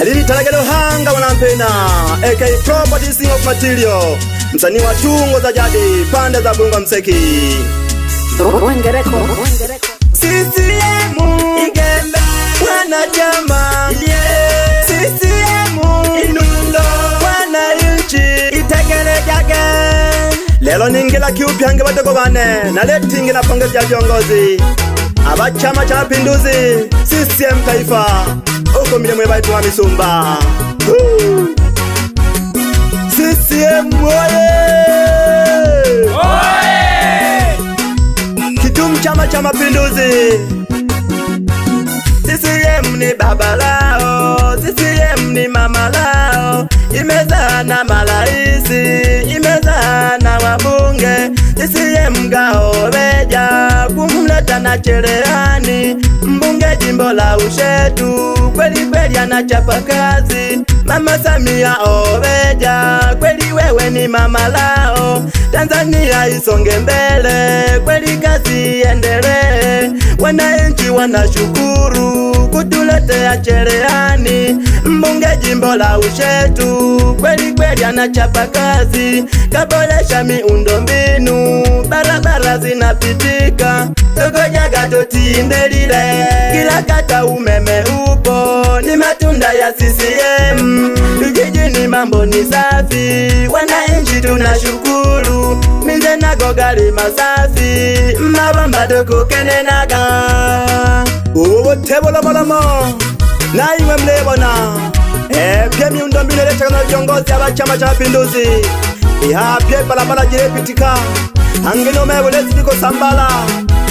Alili Taraga Dohanga wanampenda AK Property of Material, msanii wa tungo za jadi pande za Bunga Mseki. CCM Igembe wana wanachama CCM Inundo wana wananchi jage lelo ningila kiupyange wadogo bane naletingi na pongezi ya viongozi aba Chama cha Mapinduzi CCM Taifa, uko milemwe baitu wa Misumba. CCM oye! Oye! Kitumu Chama cha Mapinduzi, CCM ni baba lao, CCM ni mama lao, imezaa na maraisi, imezaa na wabunge CCM gaoweja kumleta na cherehani mbunge jimbo la Ushetu, kweli kweli anachapa kazi. Mama Samia oveja oh, kweli wewe ni mama lao. Tanzania isonge mbele, kweli kazi iendelee. Wananchi wanashukuru kutuletea cherehani. Mbunge jimbo la Ushetu, kweli kweli anachapa kazi, kaboresha miundombinu, barabara zinapitika. Togojaga totiindelile, kila kata umeme huu ni matunda ya CCM. Vijijini mambo ni safi, wananchi tunashukuru. Minze nago masafi, mabamba tukukenenaga ubutte naiwe mlebona epye miundombinu iletokana na viongozi aba Chama cha Mapinduzi ihapye barabara jirepitika angino mebulezi viko sambala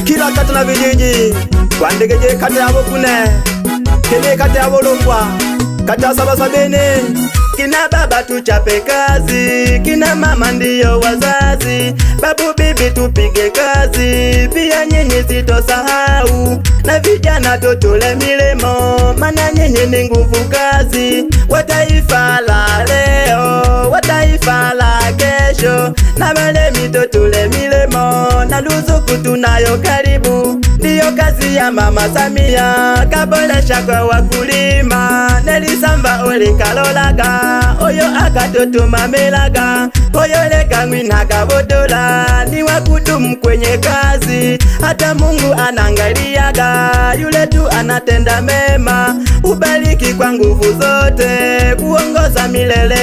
kila kata na vijiji kwa ndege kata yabo kene kati ya volongwa kati ya bene kina baba tuchape kazi, kina mama ndiyo wazazi, babu bibi tupige kazi, pia nyinyi sitosahau na vijana totule milemo, mana nyinyi ni nguvu kazi wataifa la leo, wataifa la kesho, na balemi totule milemo na ruzuku tunayo kali kazi ya Mama Samia kaboresha kwa wakulima nelisamba olikalolaga oyo akatutumamilaga koyolekang'wina kabodola ni wakudumu kwenye kazi hata Mungu anangaliaga yule tu anatenda mema ubariki kwa nguvu zote kuongoza milele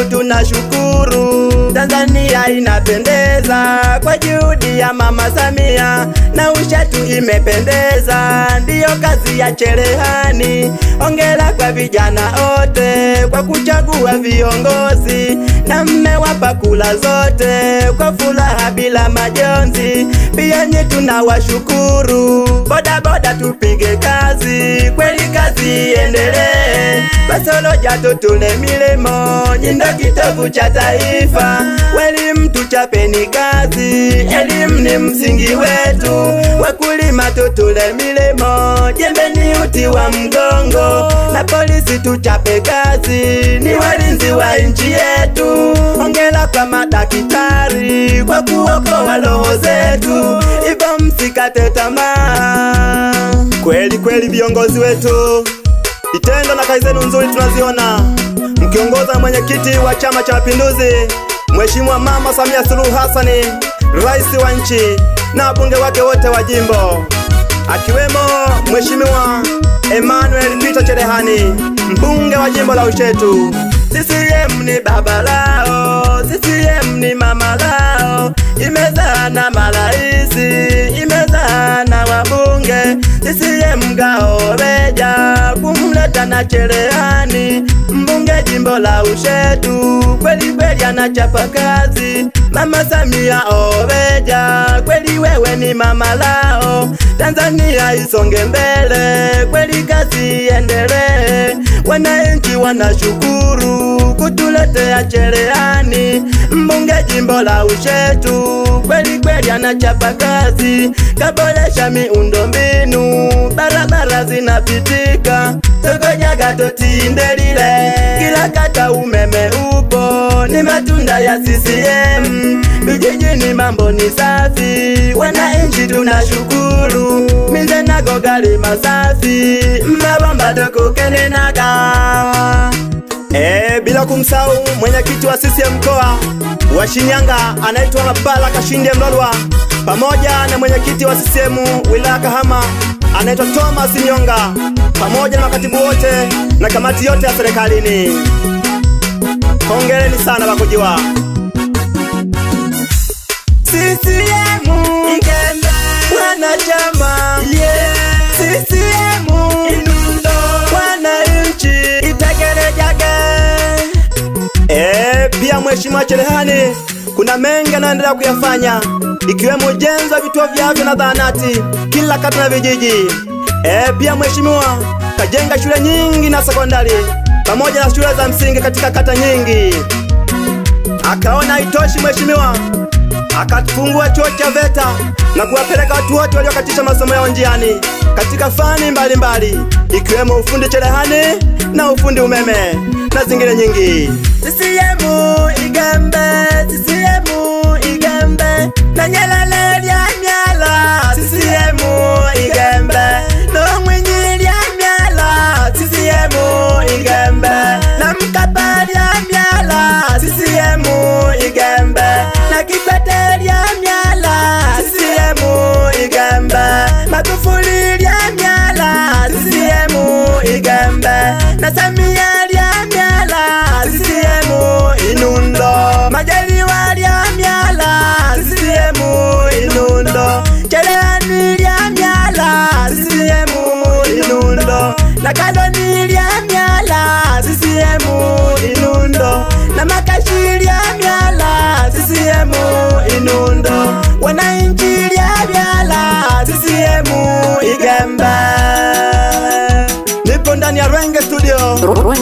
Mungu tunashukuru, Tanzania inapendeza kwa juhudi ya Mama Samia, na ushatu imependeza, ndiyo kazi ya cherehani. Ongera kwa vijana wote kwa kuchagua viongozi, na mmewapa kula zote kwa bila majonzi, pia nye tunawashukuru bodaboda, tupige kazi kweli, kazi iendelee. Basoloja tutune milimo, nyindo kitovu cha taifa, weli mtu chapeni kazi, elimu ni msingi wetu matutule milimo milemo, jembe ni uti wa mgongo, na polisi tuchape kazi, ni walinzi wa nchi yetu. Hongera kwa madakitari kwa kuokoa roho zetu, hivyo msikate tamaa. Kweli kweli viongozi wetu, vitendo na kazi zenu nzuri tunaziona, mkiongoza mwenyekiti wa Chama cha Mapinduzi, Mheshimiwa Mama Samia Suluhu Hassani, rais wa nchi na wabunge wake wote wa jimbo akiwemo Mheshimiwa Emmanuel Peter Cherehani, mbunge wa jimbo la Ushetu. CCM ni baba lao, CCM ni mama lao, imezaa na maraisi CCM gaoveja kumleta na cherehani mbunge jimbo la Ushetu, kweli kweli anachapa kazi. Mama Samia oveja, kweli wewe ni mama lao. Tanzania isonge mbele, kweli kazi iendelee. Wananchi wanashukuru kutuletea cherehani. Mbunge jimbo la Ushetu kweli kweli anachapa kazi, kaboresha miundombinu, barabara zinapitika. togonya gatotindelile kila kata umeme upo, ni matunda ya CCM vijijini mambo ni safi, wananchi tunashukuru minze na gali masafi mabomba tokokene naka Eh, bila kumsahau mwenyekiti wa CCM mkoa wa Shinyanga anaitwa Mapala Kashinde Mlolwa pamoja na mwenyekiti wa CCM wilaya Kahama anaitwa Thomas Nyonga pamoja na makatibu wote na kamati yote ya serikalini. Hongereni sana Bakojiwa. CCM eh, pia Mheshimiwa Cherehani, kuna mengi anaendelea kuyafanya ikiwemo ujenzi wa vituo vya afya na zahanati kila kata na vijiji. E, pia mheshimiwa kajenga shule nyingi na sekondari pamoja na shule za msingi katika kata nyingi. Akaona haitoshi mheshimiwa akatufungua chuo cha VETA na kuwapeleka watu wote waliokatisha masomo yao njiani katika fani mbalimbali ikiwemo ufundi cherehani na ufundi umeme na zingine nyingi. CCM Igembe, CCM Igembe na Nyala, CCM Igembe.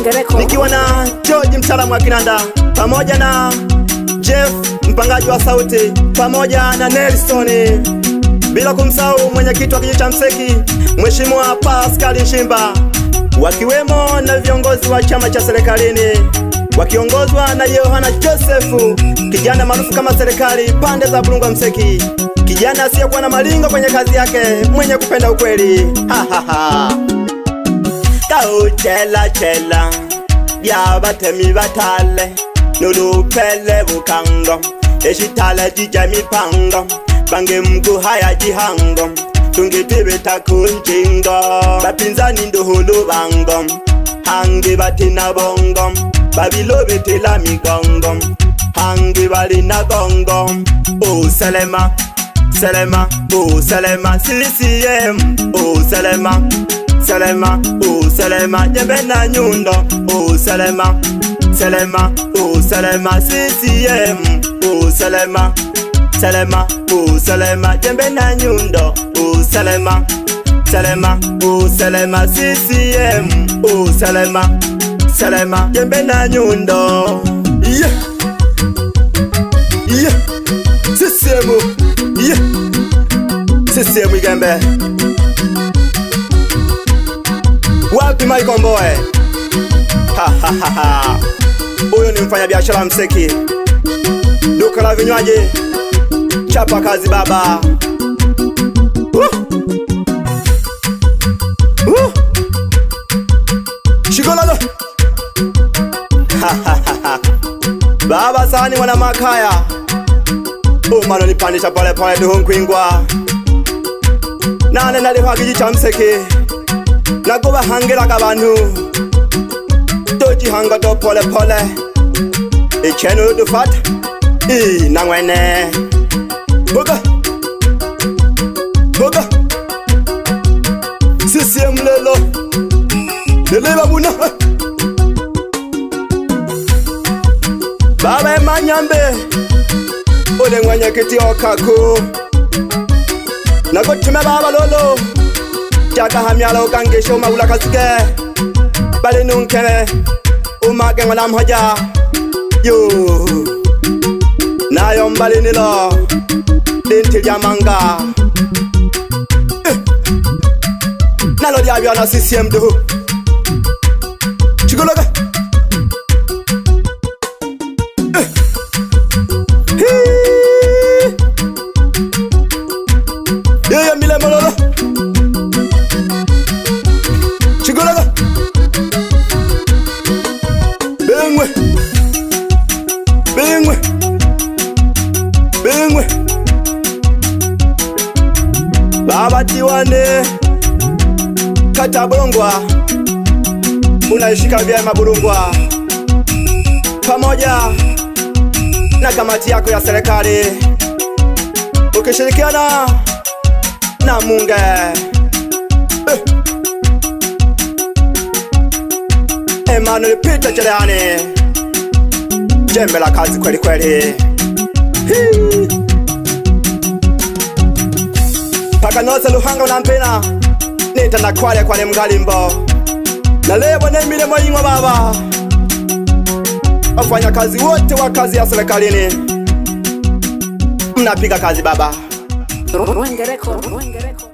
Ndereko nikiwa na George mtaalamu wa kinanda pamoja na Jeff mpangaji wa sauti pamoja na Nelson bila kumsahau mwenyekiti wa kijiji cha Mseki Mheshimiwa Pascal Nshimba wakiwemo na viongozi wa chama cha serikalini wakiongozwa na Yohana Josefu, kijana maarufu kama serikali pande za Bulungwa Mseki, kijana asiyekuwa na malingo kwenye kazi yake, mwenye kupenda ukweli. ha ha ha. ka ho tjelatjela ya bathemi ba thale noluphele bukhango exithale jije miphango bange mku haya jihango tungitibita kuncingo bapinzani ndoholo bango hangi bathina bongo babilobitila migongo hangi balina gongo uselema selema uselema sisiem uselema Selema, oh Selema, jembe na nyundo, oh Selema, Selema, oh Selema, CCM, oh Selema, Selema, oh Selema, jembe na nyundo, oh Selema, Selema, oh Selema, CCM, oh Selema, Selema, jembe na nyundo. Yeah. Yeah. CCM. Oh. Yeah. CCM igembe. Wapi Michael Mbowe? Huyu ni mfanyabiashara mseki, duka la vinywaji. Chapa kazi baba. Shikolalo baba sani wana makaya umano nipandisha polepole duhu nkwingwa nane nalihwa kijiji cha mseki nako bahangelaga bantu tocihanga to polepole icheno e yodufata inangwene boka boka sisie mlelo leleba buna baba emanyambe olengwenyekiti okako nakotume baba lolo chakahamyala ukangisha umawula kasike bali nunkele umage ngola mhoja yo nayo mbalinilo linti lya manga eh. nalo lyavyana sisiem chikuloka Weta bongwa unaishika vyema Burungwa, pamoja na kamati yako ya serikali ukishirikiana na Munge eh. Emmanuel Peter Cherehani, jembe la kazi kweli kweli, paka nose Luhanga unampena neta nakwalya kwale mkalimbo nalebwa nemiremo ying'wa baba kazi wote wa kazi ya serikalini mnapiga kazi baba Rwengereko, Rwengereko.